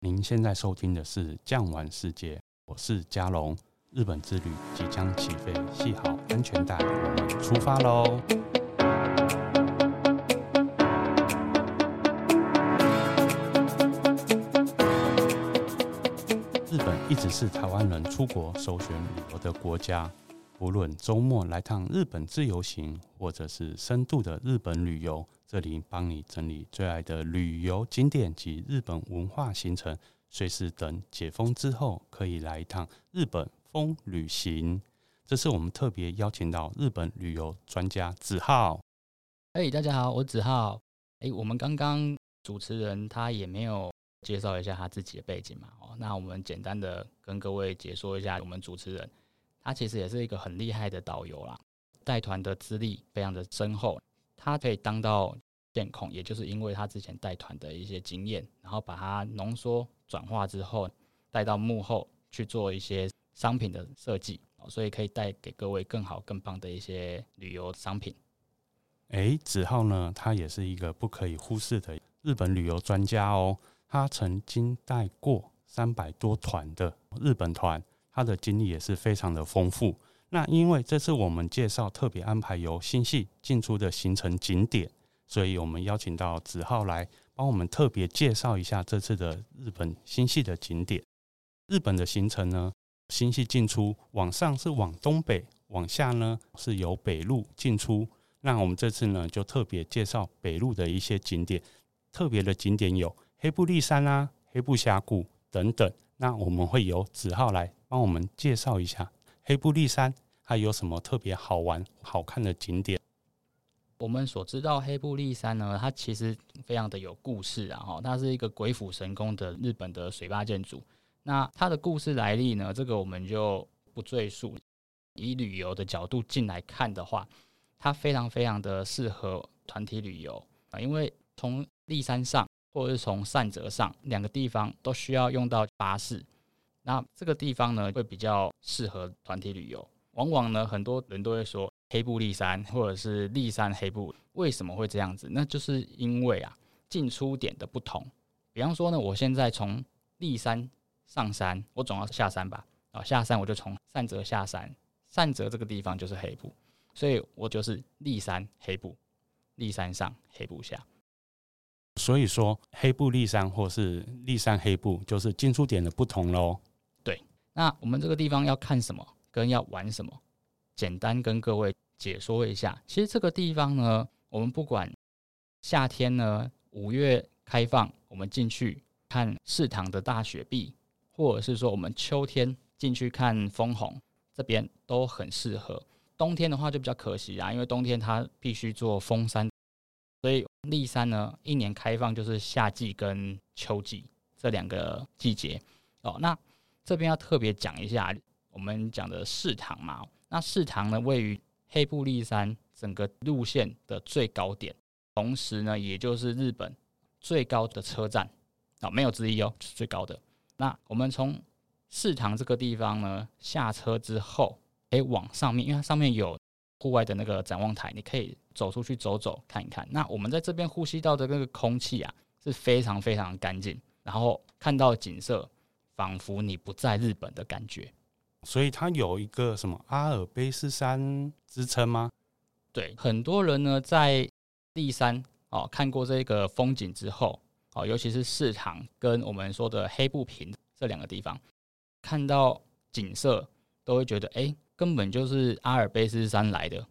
您現在收聽的是《匠玩世界》，我是嘉龍，日本之旅即將起飛，繫好安全帶，我們出發嘍！日本一直是台灣人出國首選旅遊的國家。不論，周末來趟日本自由行，或者是深度的日本旅遊，這裡幫你整理最愛的旅遊景點及日本文化行程，隨時等解封之後可以來一趟日本風旅行。這是我們特別邀請到日本旅遊專家子浩。哎、欸，大家好，我是子浩。哎、欸，我們剛剛主持人他也沒有介紹一下他自己的背景嘛？哦，那我們簡單的跟各位解說一下我們主持人。他、啊、其實也是一個很厲害的導遊啦，帶團的資歷非常的深厚，他可以當到電控，也就是因為他之前帶團的一些經驗，然後把它濃縮轉化之後帶到幕後去做一些商品的設計，所以可以帶給各位更好更棒的一些旅遊商品。哎，子浩呢，他也是一個不可以忽視的日本旅遊專家哦，他曾經帶過三百多團的日本團。他的經歷也是非常的豐富。那因為這次我們介紹特別安排由新潟進出的行程景點，所以我們邀請到子浩來幫我們特別介紹一下這次的日本新潟的景點。日本的行程呢，新潟進出往上是往東北，往下呢是由北陸進出。那我們這次呢就特別介紹北陸的一些景點，特別的景點有黑部立山啦、啊、黑部峽谷等等。那我們會由子浩來。幫我們介紹一下黑部立山，它有什麼特別好玩、好看的景點？我們所知道黑部立山呢，它其實非常的有故事啊，哈，它是一個鬼斧神工的日本的水壩建築。那它的故事來歷呢，這個我們就不贅述。以旅遊的角度進來看的話，它非常非常的適合團體旅遊啊，因為從立山上或者是從扇澤上兩個地方都需要用到巴士。那這個地方呢，會比較適合團體旅遊。往往呢，很多人都會說黑部立山，或者是立山黑部，為什麼會這樣子？那就是因為啊，進出點的不同。比方說呢，我現在從立山上山，我總要下山吧，啊、下山我就從扇澤下山，扇澤這個地方就是黑部，所以我就是立山黑部，立山上黑部下。所以說，黑部立山，或是立山黑部，就是進出點的不同嘍。那我們這個地方要看什麼，跟要玩什麼，簡單跟各位解說一下。其實這個地方呢，我們不管夏天呢，五月開放，我們進去看室堂的大雪壁，或者是說我們秋天進去看楓紅，這邊都很適合。冬天的話就比較可惜啊，因為冬天它必須做封山，所以立山呢，一年開放就是夏季跟秋季這兩個季節。哦，那。這邊要特別講一下，我們講的室堂嘛，那室堂呢，位於黑部立山整個路線的最高點，同時呢也就是日本最高的車站啊，沒有之一哦，就是最高的。那我們從室堂這個地方呢下車之後，誒，往上面，因為它上面有戶外的那個展望臺，你可以走出去走走看一看。那我們在這邊呼吸到的那個空氣啊是非常非常乾淨，然後看到景色。仿佛你不在日本的感覺，所以它有一個什麼阿爾卑斯山之稱嗎？對，很多人呢在立山哦看過這個風景之後哦，尤其是室堂跟我們說的黑部平這兩個地方，看到景色都會覺得哎、欸，根本就是阿爾卑斯山來的。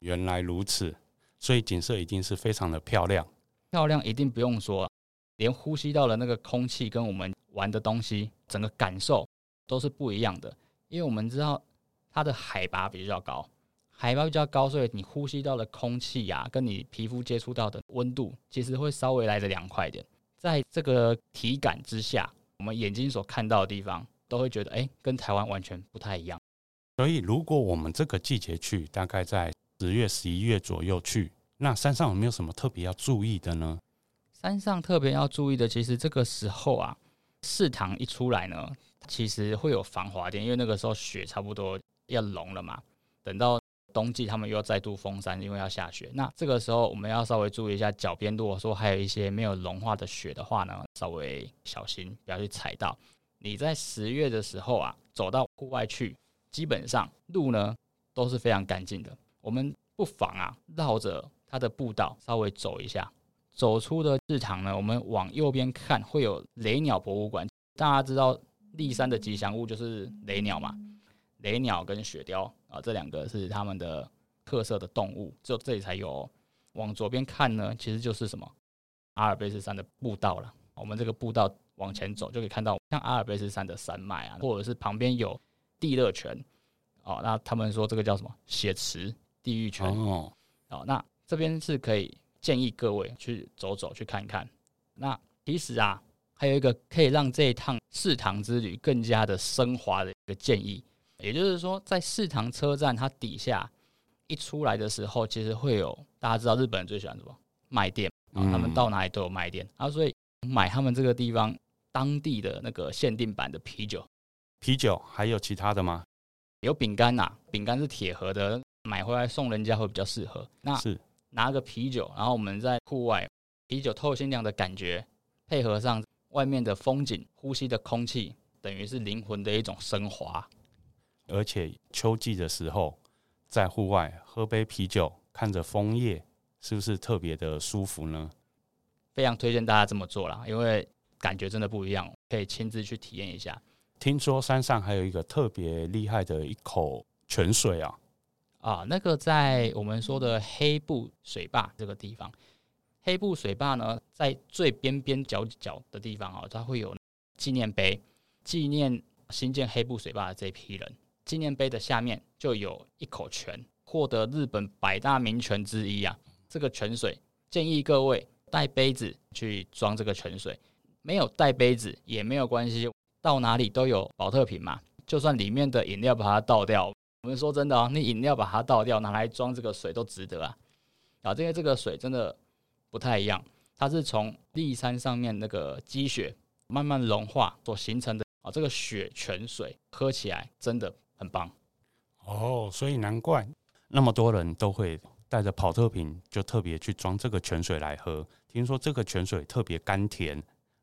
原來如此，所以景色一定是非常的漂亮，漂亮一定不用說。連呼吸到的那個空氣跟我們玩的東西，整個感受都是不一樣的。因為我們知道它的海拔比較高，海拔比較高，所以你呼吸到的空氣呀、啊，跟你皮膚接觸到的溫度，其實會稍微來得涼快一點。在這個體感之下，我們眼睛所看到的地方，都會覺得哎、欸，跟台灣完全不太一樣。所以，如果我們這個季節去，大概在十月、十一月左右去，那山上有沒有什麼特別要注意的呢？山上特別要注意的，其實這個時候啊，室堂一出來呢，其實會有防滑墊，因為那個時候雪差不多要融了嘛。等到冬季，他們又要再度封山，因為要下雪。那這個時候，我們要稍微注意一下腳邊，如果說還有一些沒有融化的雪的話呢，稍微小心，不要去踩到。你在十月的時候啊，走到戶外去，基本上路呢都是非常乾淨的。我們不妨啊，繞着它的步道稍微走一下。走出的日常呢，我們往右邊看會有雷鳥博物館。大家知道，立山的吉祥物就是雷鳥嘛。雷鳥跟雪貂啊，這兩個是他們的特色的動物，只有這裡才有、哦。往左邊看呢，其實就是什麼阿爾卑斯山的步道了。我們這個步道往前走，就可以看到像阿爾卑斯山的山脈啊，或者是旁邊有地熱泉哦、啊。那他們說這個叫什麼血池地獄泉哦。哦、oh. 啊，那這邊是可以。建議各位去走走，去看一看。那其實啊，還有一個可以讓這一趟室堂之旅更加的升華的一個建議，也就是說，在室堂車站它底下一出來的時候，其實會有大家知道日本人最喜歡什麼？賣店、嗯、啊，他們到哪裡都有賣店啊，所以買他們這個地方當地的那個限定版的啤酒。啤酒還有其他的嗎？有餅乾吶，餅乾是鐵盒的，買回來送人家會比較適合。那是。拿個啤酒，然後我們在戶外，啤酒透心涼的感覺，配合上外面的風景，呼吸的空氣，等於是靈魂的一種升華。而且秋季的時候，在戶外喝杯啤酒，看着楓葉，是不是特別的舒服呢？非常推薦大家這麼做啦，因為感覺真的不一樣，可以親自去體驗一下。聽說山上還有一個特別厲害的一口泉水啊。啊，那個在我們說的黑部水壩這個地方，黑部水壩呢，在最邊邊角角的地方啊、哦，它會有紀念碑，紀念新建黑部水壩的這批人。紀念碑的下面就有一口泉，獲得日本百大名泉之一啊。這個泉水建議各位帶杯子去裝這個泉水，沒有帶杯子也沒有關係，到哪裡都有保特瓶嘛。就算裡面的飲料把它倒掉。我們說真的啊，你飲料把它倒掉，拿來裝這個水都值得啊！啊，因為這個水真的不太一樣，它是從立山上面那個積雪慢慢融化所形成的啊，這個雪泉水喝起來真的很棒哦，所以難怪那麼多人都會帶着寶特瓶，就特別去裝這個泉水來喝。聽說這個泉水特別甘甜，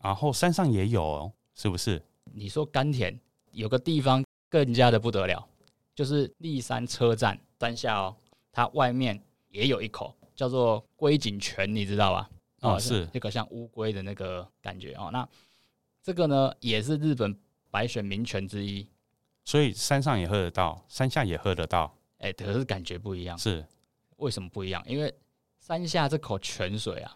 然後山上也有哦，是不是？你說甘甜，有個地方更加的不得了。就是立山車站山下哦，它外面也有一口叫做龜井泉，你知道吧？哦，是那個像烏龜的那個感覺哦。那這個呢，也是日本百選名泉之一。所以山上也喝得到，山下也喝得到。哎、欸，可是感覺不一樣。是為什麼不一樣？因為山下這口泉水啊，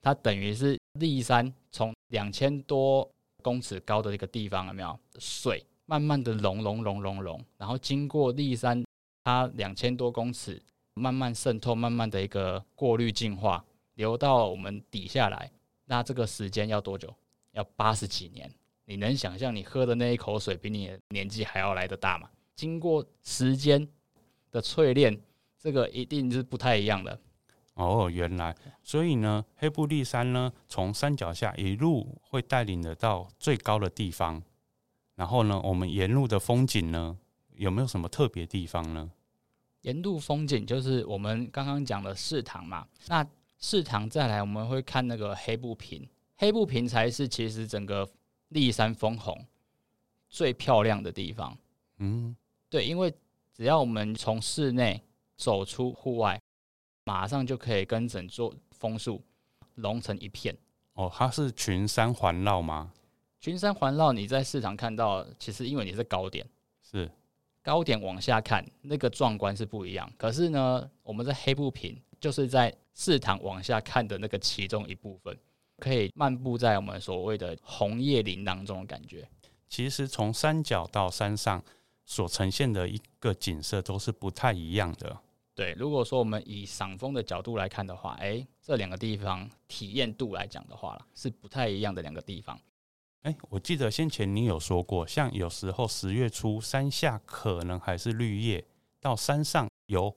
它等於是立山從兩千多公尺高的一個地方，有沒有水？慢慢的融融融融融，然後經過立山，它兩千多公尺，慢慢滲透，慢慢的一個過濾淨化，流到我們底下來。那這個時間要多久？要八十幾年。你能想象你喝的那一口水比你的年紀還要來得大嗎？經過時間的淬煉，這個一定是不太一樣的。哦，原來，所以呢，黑部立山呢，從山腳下一路會帶領你到最高的地方。然後呢，我們沿路的風景呢，有沒有什麼特別地方呢？沿路風景就是我們剛剛講的室堂嘛。那室堂再來，我們會看那個黑部平，黑部平才是其實整個立山楓紅最漂亮的地方。嗯，對，因為只要我們從室內走出戶外，馬上就可以跟整座楓樹融成一片。哦，它是群山環繞嗎？群山環繞，你在室堂看到，其實因為你是高點，是高點往下看，那個壯觀是不一樣。可是呢，我們是黑部平，就是在室堂往下看的那個其中一部分，可以漫步在我們所謂的紅葉林當中的感覺。其實從山腳到山上所呈現的一個景色都是不太一樣的。對，如果說我們以賞楓的角度來看的話，哎，這兩個地方體驗度來講的話是不太一樣的兩個地方。哎、欸，我記得先前你有說過，像有時候十月初山下可能還是綠葉，到山上由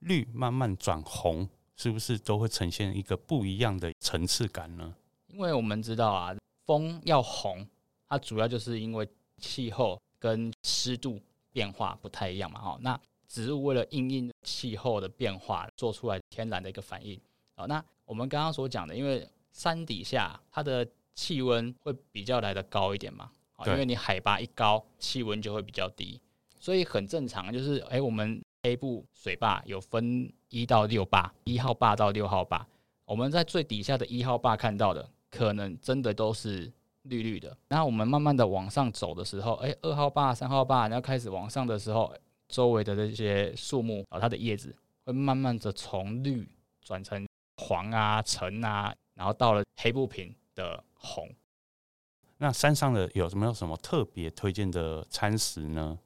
綠慢慢轉紅，是不是都會呈現一個不一樣的層次感呢？因為我們知道啊，楓要紅，它主要就是因為氣候跟濕度變化不太一樣嘛。哦，那植物為了因應氣候的變化，做出來天然的一個反應。哦，那我們剛剛所講的，因為山底下它的氣溫會比較來得高一點嘛？啊，因為你海拔一高，氣溫就會比較低，所以很正常。就是誒我們黑部水壩有分一到六壩，一號壩到六號壩。我們在最底下的一號壩看到的，可能真的都是綠綠的。然後我們慢慢的往上走的時候，誒二號壩、三號壩，然後開始往上的時候，周圍的這些樹木啊，它的葉子會慢慢的從綠轉成黃啊、橙啊，然後到了黑部平。的紅，那山上的有什麼有什麼特別推薦的餐食呢？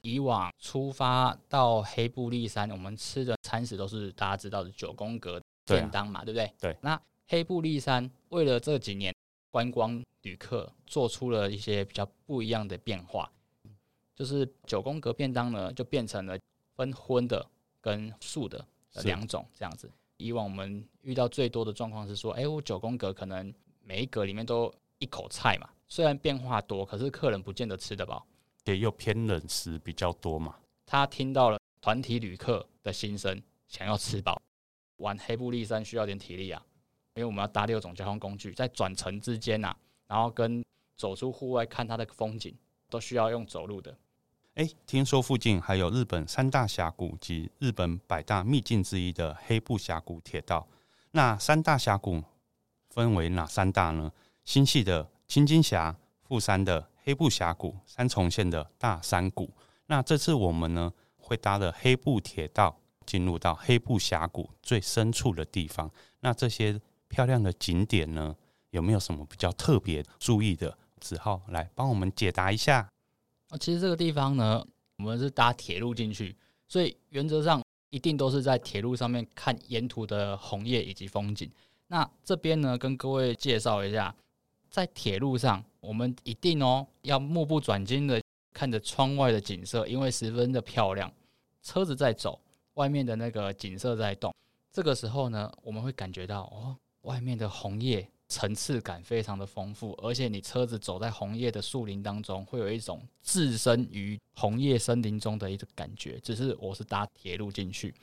以往出發到黑部立山，我們吃的餐食都是大家知道的九宮格便當嘛對、啊，對不對？對。那黑部立山為了這幾年觀光旅客，做出了一些比較不一樣的變化，就是九宮格便當呢，就變成了分葷的跟素的，的兩種這樣子。以往我們遇到最多的狀況是說，哎、欸，我九宮格可能每一格裡面都一口菜嘛，雖然變化多，可是客人不見得吃得飽，對，又偏冷食比較多嘛。他聽到了團體旅客的心聲，想要吃飽。玩黑部立山需要點體力啊，因為我們要搭六種交通工具，在轉乘之間吶、啊，然後跟走出戶外看它的風景，都需要用走路的。哎，聽說附近還有日本三大峽谷及日本百大秘境之一的黑部峽谷鐵道。那三大峽谷分為哪三大呢？新潟的清津峽、富山的黑部峽谷、三重縣的大山谷。那這次我們呢會搭了黑部鐵道，進入到黑部峽谷最深處的地方。那這些漂亮的景點呢，有沒有什麼比較特別注意的？子浩來幫我們解答一下。其實這個地方呢，我們是搭鐵路進去，所以原則上一定都是在鐵路上面看沿途的紅葉以及風景。那這邊呢，跟各位介紹一下，在鐵路上，我們一定哦要目不轉睛的看着窗外的景色，因為十分的漂亮。車子在走，外面的那個景色在動，這個時候呢，我們會感覺到哦，外面的紅葉。層次感非常的豐富，而且你車子走在紅葉的樹林當中，會有一種置身於紅葉森林中的一個感覺。只是我是搭鐵路進去，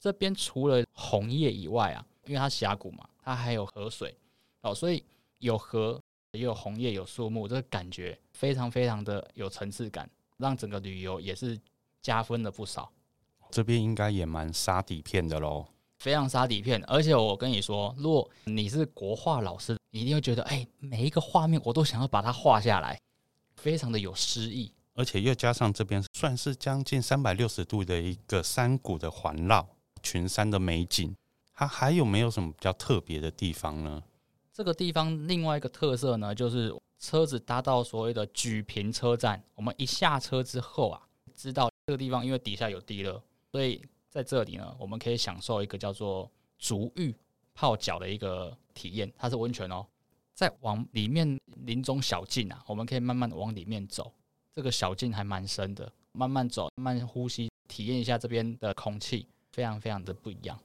這邊除了紅葉以外啊，因為它峽谷嘛，它還有河水哦，所以有河也有紅葉有樹木，這個感覺非常非常的有層次感，讓整個旅遊也是加分了不少。這邊應該也蠻殺底片的嘍。非常殺底片，而且我跟你說，如果你是國畫老師，你一定會覺得，哎，每一個畫面我都想要把它畫下來，非常的有詩意。而且又加上這邊算是將近三百六十度的一個山谷的環繞，群山的美景。它還有沒有什麼比較特別的地方呢？這個地方另外一個特色呢，就是車子搭到所謂的舉平車站，我們一下車之後啊，知道這個地方因為底下有地熱，所以，在這裡呢，我們可以享受一個叫做足浴泡腳的一個體驗，它是溫泉哦。再往裡面林中小徑啊，我們可以慢慢往裡面走，這個小徑還蠻深的，慢慢走，慢慢呼吸，體驗一下這邊的空氣，非常非常的不一樣。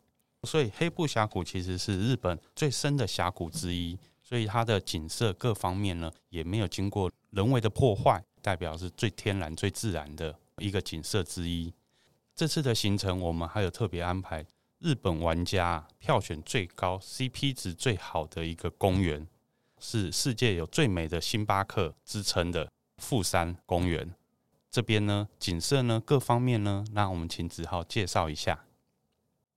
所以黑部峽谷其實是日本最深的峽谷之一，所以它的景色各方面呢，也沒有經過人為的破壞，代表是最天然、最自然的一個景色之一。這次的行程，我們還有特別安排日本玩家票選最高 CP 值最好的一個公園，是世界有最美的星巴克之稱的富山公園。這邊呢，景色呢，各方面呢，那我們請子浩介紹一下。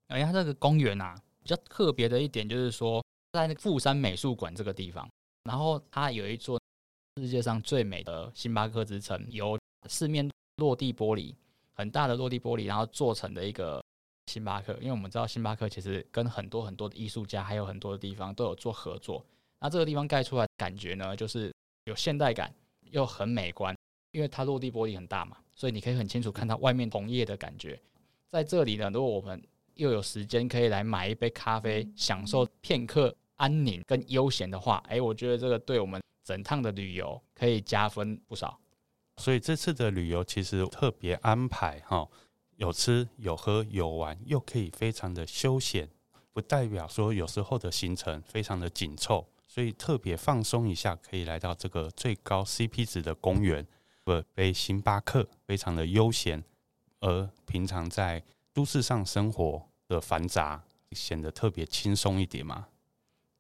哎，呀，這、那個公園啊，比較特別的一點就是說，在那富山美術館這個地方，然後它有一座世界上最美的星巴克之稱，有四面落地玻璃，很大的落地玻璃，然後做成的一個星巴克，因為我們知道星巴克其實跟很多很多的藝術家，還有很多的地方都有做合作。那這個地方蓋出來的感覺呢，就是有現代感，又很美觀，因為它落地玻璃很大嘛，所以你可以很清楚看到外面紅葉的感覺。在這裡呢，如果我們又有時間可以來買一杯咖啡，享受片刻安寧跟悠閒的話，哎、欸，我覺得這個對我們整趟的旅遊可以加分不少。所以這次的旅遊其實特別安排哈，有吃有喝有玩，又可以非常的休閒，不代表說有時候的行程非常的緊湊，所以特別放鬆一下，可以來到這個最高 CP 值的公園，不杯星巴克，非常的悠閒，而平常在都市上生活的繁雜顯得特別輕鬆一點嘛。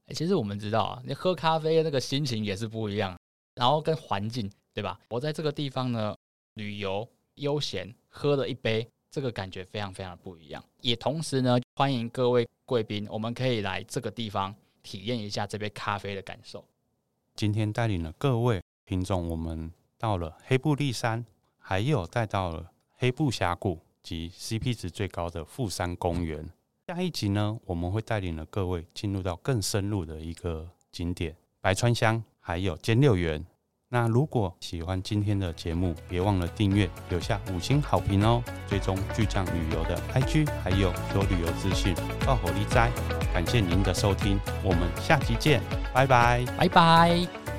其實我們知道啊，你喝咖啡那個心情也是不一樣，然後跟環境。對吧？我在這個地方呢，旅遊、悠閒，喝了一杯，這個感覺非常非常的不一樣。也同時呢，歡迎各位貴賓，我們可以來這個地方體驗一下這杯咖啡的感受。今天帶領了各位聽眾我們到了黑部立山，還有帶到了黑部峽谷及 CP 值最高的富山公園。下一集呢，我們會帶領了各位進入到更深入的一個景點——白川鄉，還有兼六園。那如果喜歡今天的節目，別忘了訂閱，留下五星好評哦。追蹤巨匠旅遊的 IG，還有多旅遊資訊，報乎你知！感謝您的收聽，我們下期見，拜拜，拜拜。